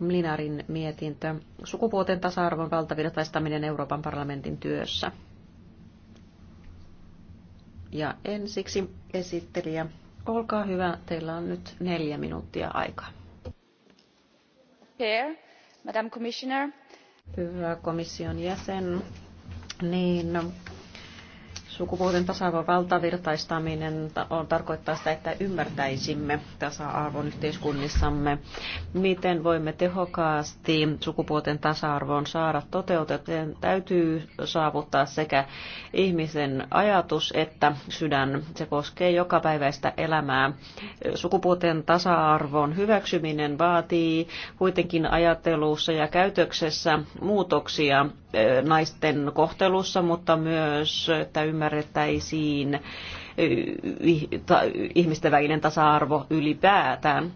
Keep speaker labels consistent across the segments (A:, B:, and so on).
A: Mlinarin mietintö sukupuolten tasa-arvon valtavirtaistaminen Euroopan parlamentin työssä. Ja ensiksi esittelijä, olkaa hyvä, teillä on nyt neljä minuuttia aikaa. Here, Madam Commissioner. Hyvä komission jäsen. Niin, Sukupuolten tasa-arvon valtavirtaistaminen on, tarkoittaa sitä, että ymmärtäisimme tasa-arvon yhteiskunnissamme, miten voimme tehokkaasti sukupuolten tasa-arvon saada toteutettua. Täytyy saavuttaa sekä ihmisen ajatus että sydän. Se koskee joka päiväistä elämää. Sukupuolten tasa-arvon hyväksyminen vaatii kuitenkin ajattelussa ja käytöksessä muutoksia naisten kohtelussa, mutta myös, että ymmärrettäisiin ihmisten välinen tasa-arvo ylipäätään.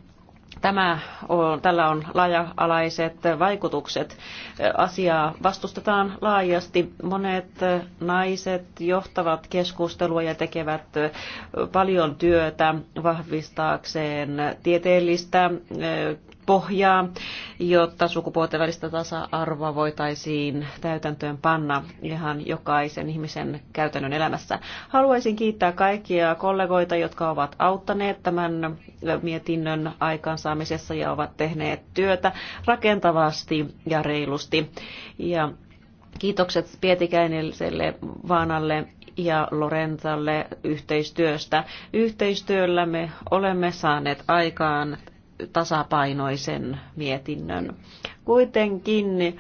A: Tämä on, tällä on laaja-alaiset vaikutukset. Asiaa vastustetaan laajasti. Monet naiset johtavat keskustelua ja tekevät paljon työtä vahvistaakseen tieteellistä pohjaa jotta sukupuolten välistä tasa-arvoa voitaisiin täytäntöön panna ihan jokaisen ihmisen käytännön elämässä. Haluaisin kiittää kaikkia kollegoita, jotka ovat auttaneet tämän mietinnön aikaansaamisessa ja ovat tehneet työtä rakentavasti ja reilusti. Ja Kiitokset Pietikäiselle Vaanalle ja Lorentalle yhteistyöstä. Yhteistyöllä me olemme saaneet aikaan tasapainoisen mietinnön. Kuitenkin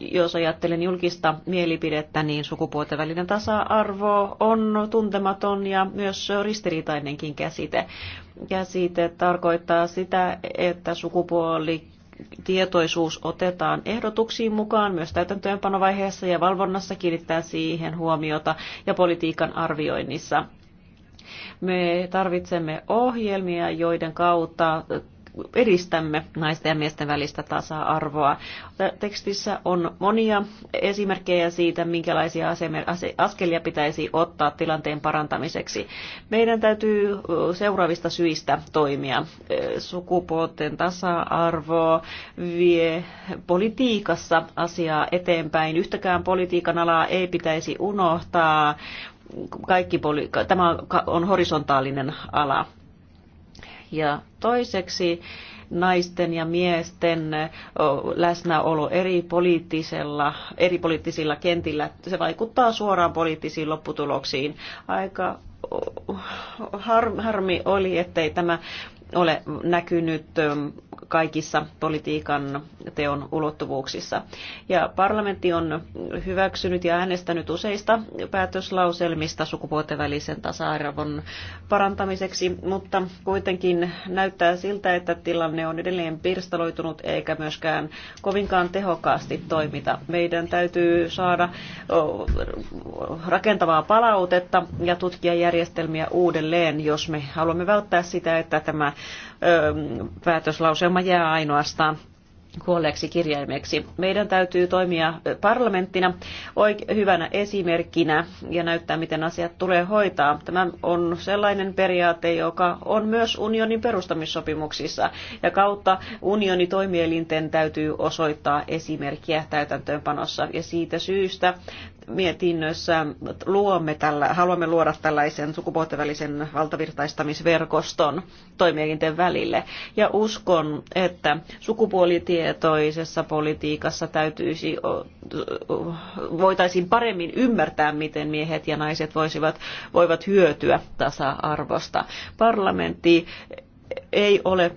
A: jos ajattelen julkista mielipidettä, niin sukupuolten välinen tasa-arvo on tuntematon ja myös ristiriitainenkin käsite. Käsite tarkoittaa sitä, että sukupuoli tietoisuus otetaan ehdotuksiin mukaan myös täytäntöönpanovaiheessa ja valvonnassa kiinnittää siihen huomiota ja politiikan arvioinnissa. Me tarvitsemme ohjelmia, joiden kautta edistämme naisten ja miesten välistä tasa-arvoa. Tekstissä on monia esimerkkejä siitä, minkälaisia askelia pitäisi ottaa tilanteen parantamiseksi. Meidän täytyy seuraavista syistä toimia. Sukupuolten tasa-arvo vie politiikassa asiaa eteenpäin. Yhtäkään politiikan alaa ei pitäisi unohtaa. Kaikki poli- Tämä on horisontaalinen ala ja toiseksi naisten ja miesten läsnäolo eri, poliittisella, eri poliittisilla kentillä, se vaikuttaa suoraan poliittisiin lopputuloksiin. Aika harmi oli, ettei tämä ole näkynyt ähm, kaikissa politiikan teon ulottuvuuksissa. Ja parlamentti on hyväksynyt ja äänestänyt useista päätöslauselmista sukupuolten välisen tasa-arvon parantamiseksi, mutta kuitenkin näyttää siltä, että tilanne on edelleen pirstaloitunut eikä myöskään kovinkaan tehokkaasti toimita. Meidän täytyy saada rakentavaa palautetta ja tutkia järjestelmiä uudelleen, jos me haluamme välttää sitä, että tämä päätöslauselma jää ainoastaan kuolleeksi kirjaimeksi. Meidän täytyy toimia parlamenttina hyvänä esimerkkinä ja näyttää, miten asiat tulee hoitaa. Tämä on sellainen periaate, joka on myös unionin perustamissopimuksissa ja kautta unioni toimielinten täytyy osoittaa esimerkkiä täytäntöönpanossa ja siitä syystä mietinnössä luomme tällä, haluamme luoda tällaisen sukupuolten välisen valtavirtaistamisverkoston toimielinten välille. Ja uskon, että sukupuolitietoisessa politiikassa täytyisi, voitaisiin paremmin ymmärtää, miten miehet ja naiset voisivat, voivat hyötyä tasa-arvosta. Parlamentti ei ole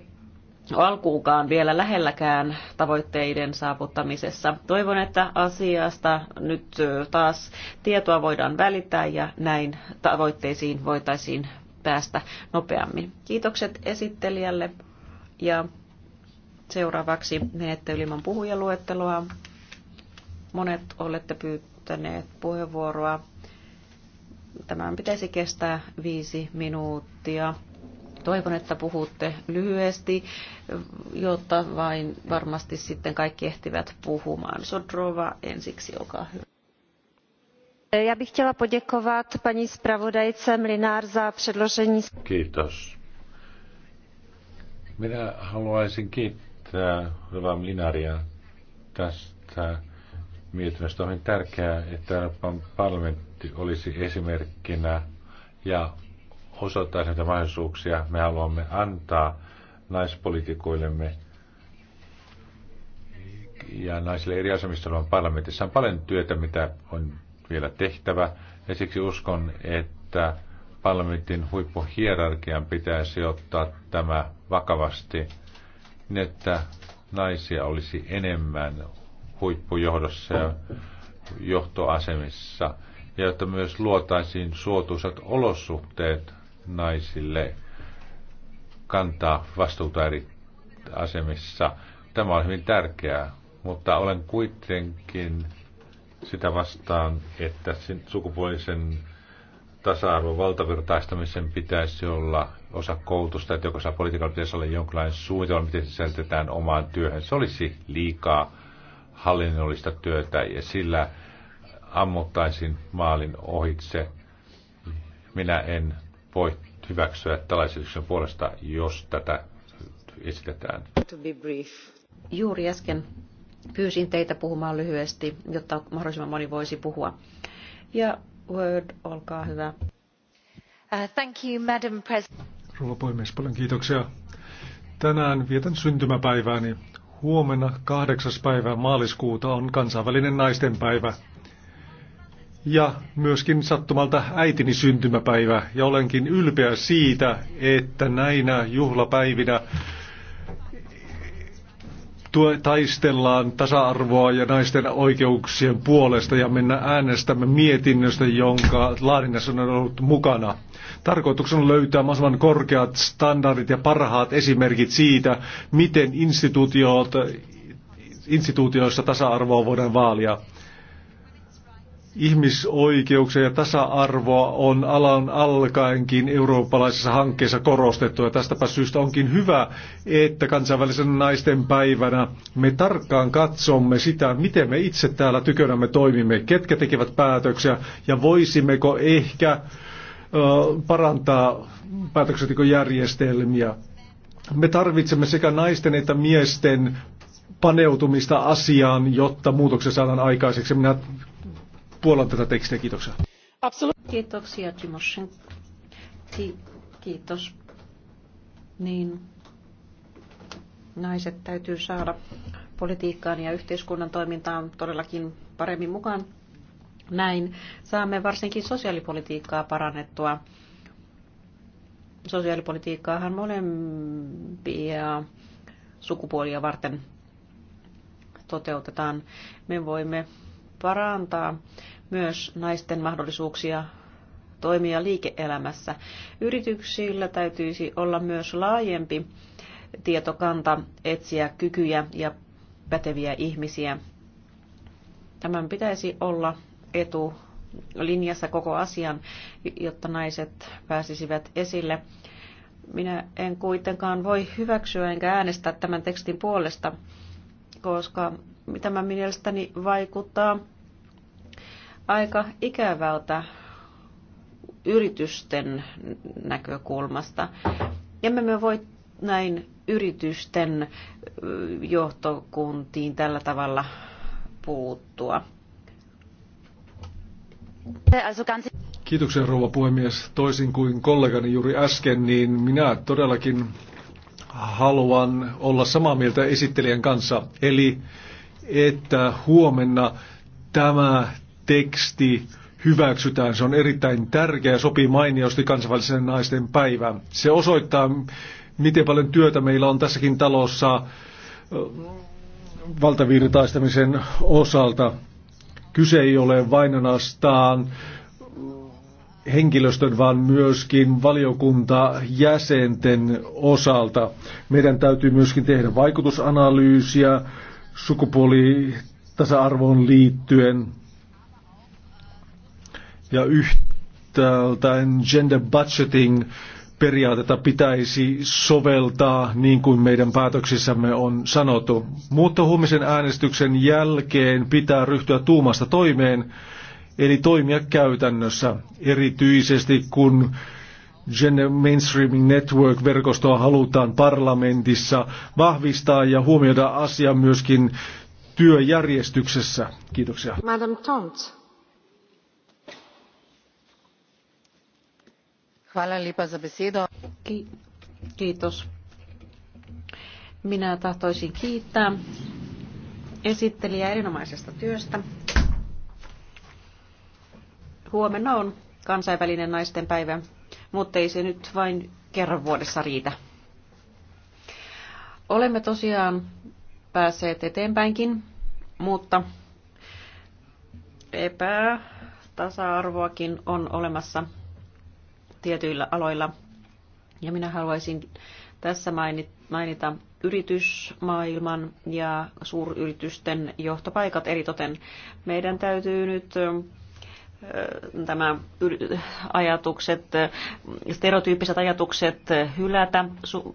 A: alkuukaan vielä lähelläkään tavoitteiden saavuttamisessa. Toivon, että asiasta nyt taas tietoa voidaan välittää ja näin tavoitteisiin voitaisiin päästä nopeammin. Kiitokset esittelijälle ja seuraavaksi menette ylimman puhujaluetteloa. Monet olette pyytäneet puheenvuoroa. Tämän pitäisi kestää viisi minuuttia. Toivon, että puhutte lyhyesti, jotta vain varmasti sitten kaikki ehtivät puhumaan. Sodrova ensiksi, olkaa hyvä. Já bych chtěla poděkovat paní Mlinár za předložení.
B: Kiitos. Minä haluaisin kiittää Hyvää Mlinaria tästä mietinnöstä. On tärkeää, että Euroopan parlamentti olisi esimerkkinä ja osoittaa näitä mahdollisuuksia. Me haluamme antaa naispolitiikoillemme ja naisille eri asemissa olevan parlamentissa on paljon työtä, mitä on vielä tehtävä. Ja siksi uskon, että parlamentin huippuhierarkian pitäisi ottaa tämä vakavasti, niin että naisia olisi enemmän huippujohdossa ja johtoasemissa, ja että myös luotaisiin suotuisat olosuhteet naisille kantaa vastuuta eri asemissa. Tämä on hyvin tärkeää, mutta olen kuitenkin sitä vastaan, että sukupuolisen tasa-arvon valtavirtaistamisen pitäisi olla osa koulutusta, että jokaisella politiikalla pitäisi olla jonkinlainen suunnitelma, miten se säilytetään omaan työhön. Se olisi liikaa hallinnollista työtä ja sillä ammuttaisin maalin ohitse. Minä en voi hyväksyä tällaisen esityksen puolesta, jos tätä esitetään.
A: Juuri äsken pyysin teitä puhumaan lyhyesti, jotta mahdollisimman moni voisi puhua. Ja Word, olkaa hyvä. Uh, thank you, Madam President.
C: Rouva puhemies, paljon kiitoksia. Tänään vietän syntymäpäivääni. Huomenna 8. päivä maaliskuuta on kansainvälinen naistenpäivä ja myöskin sattumalta äitini syntymäpäivä. Ja olenkin ylpeä siitä, että näinä juhlapäivinä taistellaan tasa-arvoa ja naisten oikeuksien puolesta ja mennä äänestämme mietinnöstä, jonka laadinnassa on ollut mukana. Tarkoituksena on löytää mahdollisimman korkeat standardit ja parhaat esimerkit siitä, miten instituutioissa tasa-arvoa voidaan vaalia. Ihmisoikeuksia ja tasa-arvoa on alan alkaenkin eurooppalaisessa hankkeessa korostettu ja tästäpä syystä onkin hyvä, että kansainvälisen naisten päivänä me tarkkaan katsomme sitä, miten me itse täällä tykönämme toimimme, ketkä tekevät päätöksiä ja voisimmeko ehkä ö, parantaa päätöksentekojärjestelmiä. Me tarvitsemme sekä naisten että miesten paneutumista asiaan, jotta muutoksia saadaan aikaiseksi. Minä puolan tätä tekstiä. Kiitoksia.
A: Absolut- Kiitoksia, Timoshen. Ki- kiitos. Niin, naiset täytyy saada politiikkaan ja yhteiskunnan toimintaan todellakin paremmin mukaan. Näin saamme varsinkin sosiaalipolitiikkaa parannettua. Sosiaalipolitiikkaahan molempia sukupuolia varten toteutetaan. Me voimme parantaa myös naisten mahdollisuuksia toimia liike-elämässä. Yrityksillä täytyisi olla myös laajempi tietokanta etsiä kykyjä ja päteviä ihmisiä. Tämän pitäisi olla etu linjassa koko asian, jotta naiset pääsisivät esille. Minä en kuitenkaan voi hyväksyä enkä äänestää tämän tekstin puolesta, koska Tämä mielestäni vaikuttaa aika ikävältä yritysten näkökulmasta. Emme me voi näin yritysten johtokuntiin tällä tavalla puuttua.
C: Kiitoksia rouva puhemies. Toisin kuin kollegani juuri äsken, niin minä todellakin haluan olla samaa mieltä esittelijän kanssa. Eli että huomenna tämä teksti hyväksytään. Se on erittäin tärkeä ja sopii mainiosti kansainvälisen naisten päivään. Se osoittaa, miten paljon työtä meillä on tässäkin talossa valtavirtaistamisen osalta. Kyse ei ole vain ainoastaan henkilöstön, vaan myöskin valiokunta jäsenten osalta. Meidän täytyy myöskin tehdä vaikutusanalyysiä, sukupuolitasa-arvoon liittyen ja yhtäältä gender budgeting periaatetta pitäisi soveltaa niin kuin meidän päätöksissämme on sanottu. Mutta huomisen äänestyksen jälkeen pitää ryhtyä tuumasta toimeen, eli toimia käytännössä, erityisesti kun Gender Mainstreaming Network-verkostoa halutaan parlamentissa vahvistaa ja huomioida asia myöskin työjärjestyksessä. Kiitoksia.
A: Madam Tontz. Kiitos. Minä tahtoisin kiittää esittelijä erinomaisesta työstä. Huomenna on kansainvälinen naisten päivä mutta ei se nyt vain kerran vuodessa riitä. Olemme tosiaan päässeet eteenpäinkin, mutta epätasa-arvoakin on olemassa tietyillä aloilla. Ja minä haluaisin tässä mainita yritysmaailman ja suuryritysten johtopaikat eritoten. Meidän täytyy nyt tämä ajatukset, stereotyyppiset ajatukset hylätä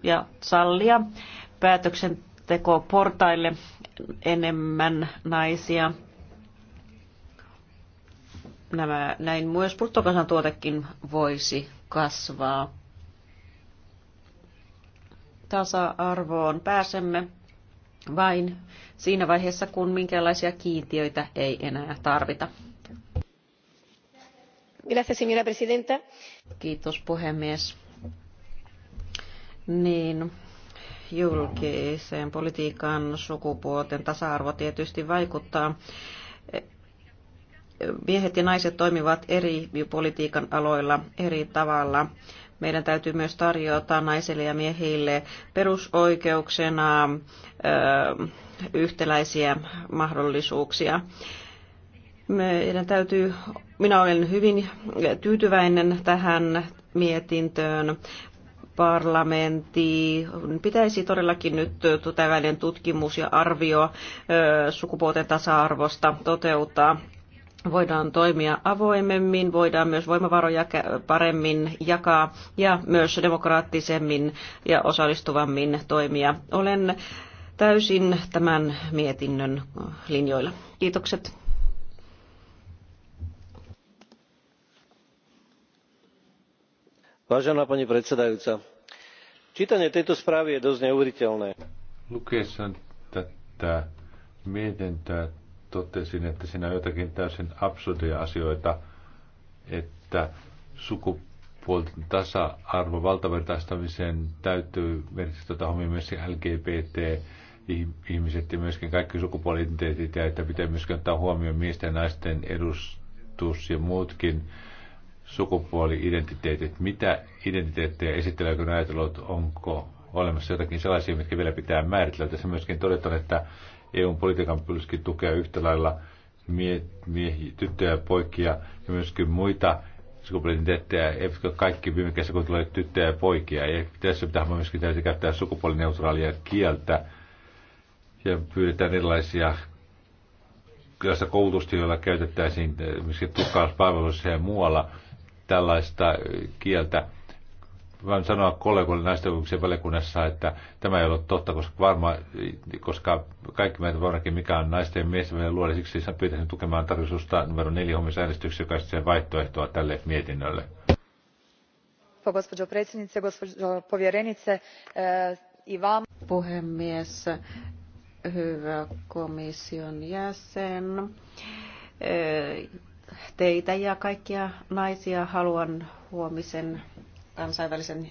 A: ja sallia päätöksentekoportaille enemmän naisia. Nämä, näin myös bruttokansantuotekin voisi kasvaa. Tasa-arvoon pääsemme vain siinä vaiheessa, kun minkälaisia kiintiöitä ei enää tarvita arvoisa Kiitos puhemies. Niin, julkiseen politiikan sukupuolten tasa-arvo tietysti vaikuttaa miehet ja naiset toimivat eri politiikan aloilla eri tavalla. Meidän täytyy myös tarjota naisille ja miehille perusoikeuksena yhtäläisiä mahdollisuuksia. Meidän täytyy, minä olen hyvin tyytyväinen tähän mietintöön parlamentti pitäisi todellakin nyt tällainen tutkimus ja arvio sukupuolten tasa-arvosta toteuttaa. Voidaan toimia avoimemmin, voidaan myös voimavaroja paremmin jakaa ja myös demokraattisemmin ja osallistuvammin toimia. Olen täysin tämän mietinnön linjoilla. Kiitokset.
C: vážená pani predsedajúca čítanie tejto správy je dosť neuveriteľné.
B: lukiessani tätä mietintöä totesin, että siinä on jotakin täysin absurdeja asioita, että sukupuolten tasa-arvo valtavertaistamiseen täytyy merkitä tuota hommia myös LGBT ihmiset ja myöskin kaikki sukupuolidentiteetit ja että pitää myöskin ottaa huomioon miesten ja naisten edustus ja muutkin sukupuoli-identiteetit, mitä identiteettejä esittelee, kun ajatellut, onko olemassa jotakin sellaisia, mitkä vielä pitää määritellä. Tässä myöskin todetaan, että EU-politiikan pyrkii tukea yhtä lailla mie- miehi, tyttöjä ja poikia ja myöskin muita sukupuoli-identiteettejä, eivätkö kaikki viime kesä, kun tulee tyttöjä ja poikia. Ja tässä pitää myöskin täytyy käyttää sukupuolineutraalia kieltä ja pyydetään erilaisia jossa koulutusta, joilla käytettäisiin esimerkiksi tukkauspalveluissa ja muualla – tällaista kieltä. Voin sanoa kollegoille naisten oikeuksien valiokunnassa, että tämä ei ole totta, koska, varma, koska kaikki meitä varmaankin mikä on naisten ja miesten välinen luoli. Niin siksi pyytäisin tukemaan tarkistusta numero neljä huomisen äänestyksessä, joka on vaihtoehtoa tälle mietinnölle.
A: E, Puhemies, hyvä komission jäsen e, teitä ja kaikkia naisia haluan huomisen kansainvälisen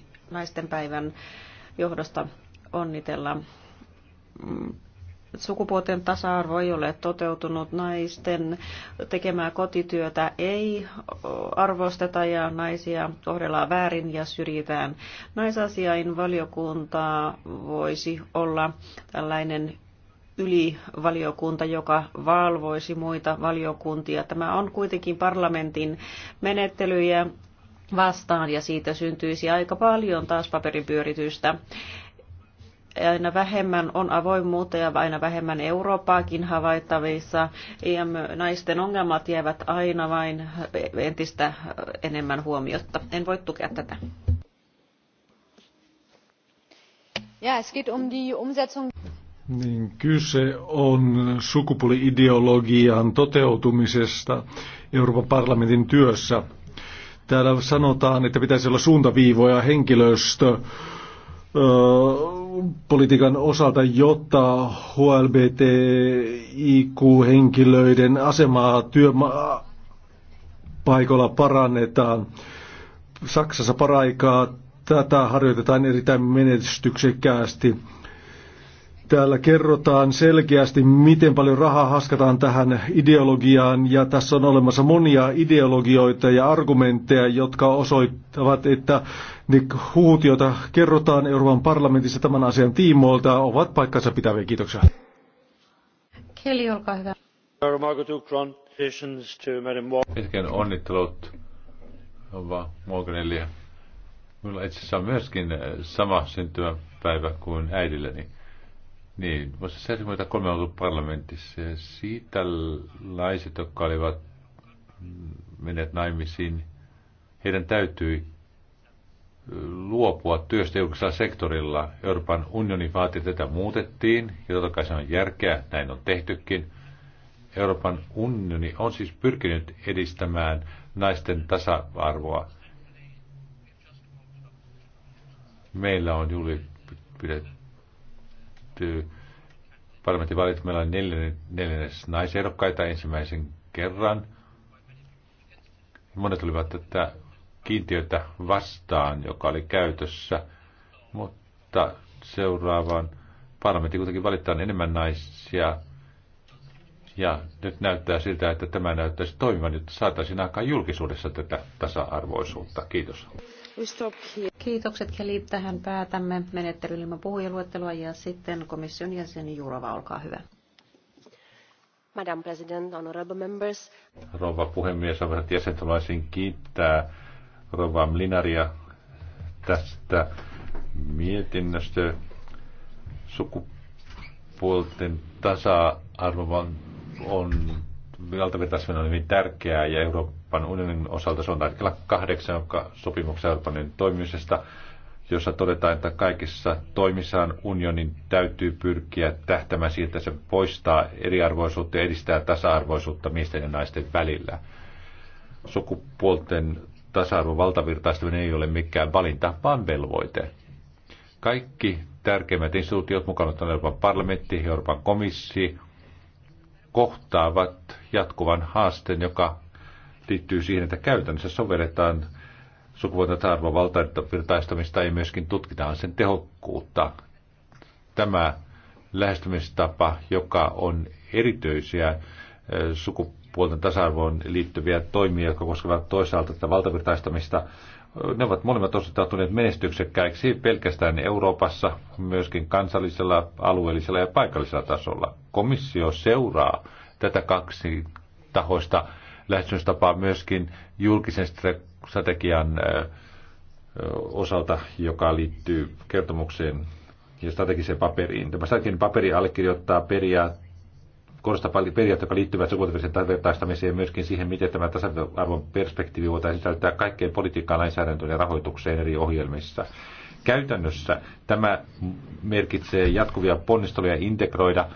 A: päivän johdosta onnitella. Mm, sukupuolten tasa-arvo ei ole toteutunut, naisten tekemää kotityötä ei arvosteta ja naisia kohdellaan väärin ja syrjitään. Naisasiain valiokunta voisi olla tällainen ylivaliokunta, joka valvoisi muita valiokuntia. Tämä on kuitenkin parlamentin menettelyjä vastaan ja siitä syntyisi aika paljon taas paperipyöritystä aina vähemmän on avoimuutta ja aina vähemmän Eurooppaakin havaittavissa. IM-naisten ongelmat jäävät aina vain entistä enemmän huomiota. En voi tukea tätä.
B: Ja, es geht um die Umsetzung.
C: Niin kyse on sukupuoliideologian toteutumisesta Euroopan parlamentin työssä. Täällä sanotaan, että pitäisi olla suuntaviivoja henkilöstö ö, politiikan osalta, jotta HLBTIQ-henkilöiden asemaa työpaikoilla parannetaan. Saksassa paraikaa tätä harjoitetaan erittäin menestyksekkäästi Täällä kerrotaan selkeästi, miten paljon rahaa haskataan tähän ideologiaan, ja tässä on olemassa monia ideologioita ja argumentteja, jotka osoittavat, että ne huut, joita kerrotaan Euroopan parlamentissa tämän asian tiimoilta, ovat paikkansa pitäviä. Kiitoksia.
A: Keli, olkaa hyvä.
B: Pitkän onnittelut, Ova Morganille. Minulla itse asiassa on myöskin sama syntymäpäivä kuin äidilleni. Niin, vuosi 73 on ollut parlamentissa ja siitä laiset, jotka olivat menneet naimisiin, heidän täytyi luopua työstä julkisella sektorilla. Euroopan unionin vaati tätä muutettiin, ja totta kai se on järkeä, näin on tehtykin. Euroopan unioni on siis pyrkinyt edistämään naisten tasa-arvoa. Meillä on juuri pidetty liittyy parlamentin valittu. Meillä neljännes naisehdokkaita ensimmäisen kerran. Monet olivat tätä kiintiötä vastaan, joka oli käytössä, mutta seuraavaan parlamentti kuitenkin valitaan enemmän naisia. Ja nyt näyttää siltä, että tämä näyttäisi toimivan, jotta saataisiin aikaan julkisuudessa tätä tasa-arvoisuutta. Kiitos.
A: Kiitokset Kelly. Tähän päätämme menettelyilman puhujaluettelua ja sitten komission jäsen Jurova, olkaa hyvä. Madam President, honorable members.
B: Rouva puhemies, arvoisat jäsenet, haluaisin kiittää rouva Mlinaria tästä mietinnöstä sukupuolten tasa-arvo on valtavirtaisminen on hyvin tärkeää ja Euroopan unionin osalta se on artikla 8 joka Euroopan unionin toimimisesta, jossa todetaan, että kaikissa toimissaan unionin täytyy pyrkiä tähtämään siitä, että se poistaa eriarvoisuutta ja edistää tasa-arvoisuutta miesten ja naisten välillä. Sukupuolten tasa-arvon valtavirtaistaminen ei ole mikään valinta, vaan velvoite. Kaikki tärkeimmät instituutiot, mukana on Euroopan parlamentti, Euroopan komissio, kohtaavat jatkuvan haasteen, joka liittyy siihen, että käytännössä sovelletaan sukupuolten tasa-arvon ja myöskin tutkitaan sen tehokkuutta. Tämä lähestymistapa, joka on erityisiä sukupuolten sukupuolten tasa-arvoon liittyviä toimia, jotka koskevat toisaalta tätä valtavirtaistamista. Ne ovat molemmat osoittautuneet menestyksekkäiksi pelkästään Euroopassa, myöskin kansallisella, alueellisella ja paikallisella tasolla. Komissio seuraa tätä kaksi tahoista lähestymistapaa myöskin julkisen strategian osalta, joka liittyy kertomukseen ja strategiseen paperiin. Tämä strateginen paperi allekirjoittaa periaatteet korostaa paljon periaatteita, jotka liittyvät sukupuolten tasavertaistamiseen ja myöskin siihen, miten tämä tasa-arvon perspektiivi voitaisiin sisältää kaikkeen politiikkaan, lainsäädäntöön ja rahoitukseen eri ohjelmissa. Käytännössä tämä merkitsee jatkuvia ponnisteluja integroida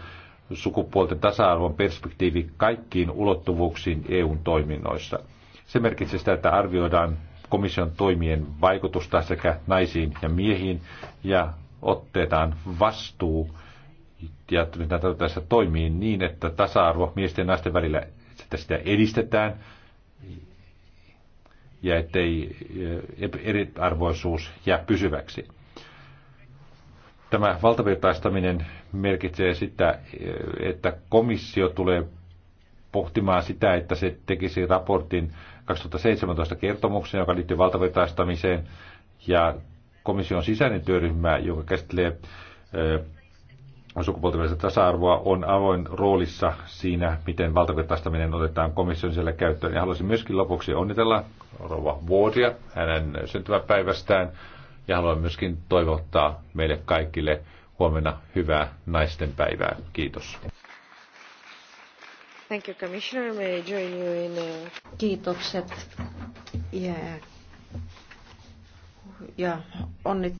B: sukupuolten tasa-arvon perspektiivi kaikkiin ulottuvuuksiin EUn toiminnoissa. Se merkitsee sitä, että arvioidaan komission toimien vaikutusta sekä naisiin ja miehiin ja otetaan vastuu ja mitä tässä toimii niin, että tasa-arvo miesten ja naisten välillä, että sitä edistetään ja ettei eh, eriarvoisuus jää pysyväksi. Tämä valtavirtaistaminen merkitsee sitä, eh, että komissio tulee pohtimaan sitä, että se tekisi raportin 2017 kertomuksen, joka liittyy valtavirtaistamiseen, ja komission sisäinen työryhmä, joka käsittelee eh, sukupuolten välistä tasa-arvoa on avoin roolissa siinä, miten valtavirtaistaminen otetaan komission siellä käyttöön. Ja haluaisin myöskin lopuksi onnitella rouva Vuodia hänen syntymäpäivästään ja haluan myöskin toivottaa meille kaikille huomenna hyvää naisten päivää. Kiitos.
A: Thank you, Commissioner. May I join you in, uh... Kiitokset. Yeah. Ja onnit.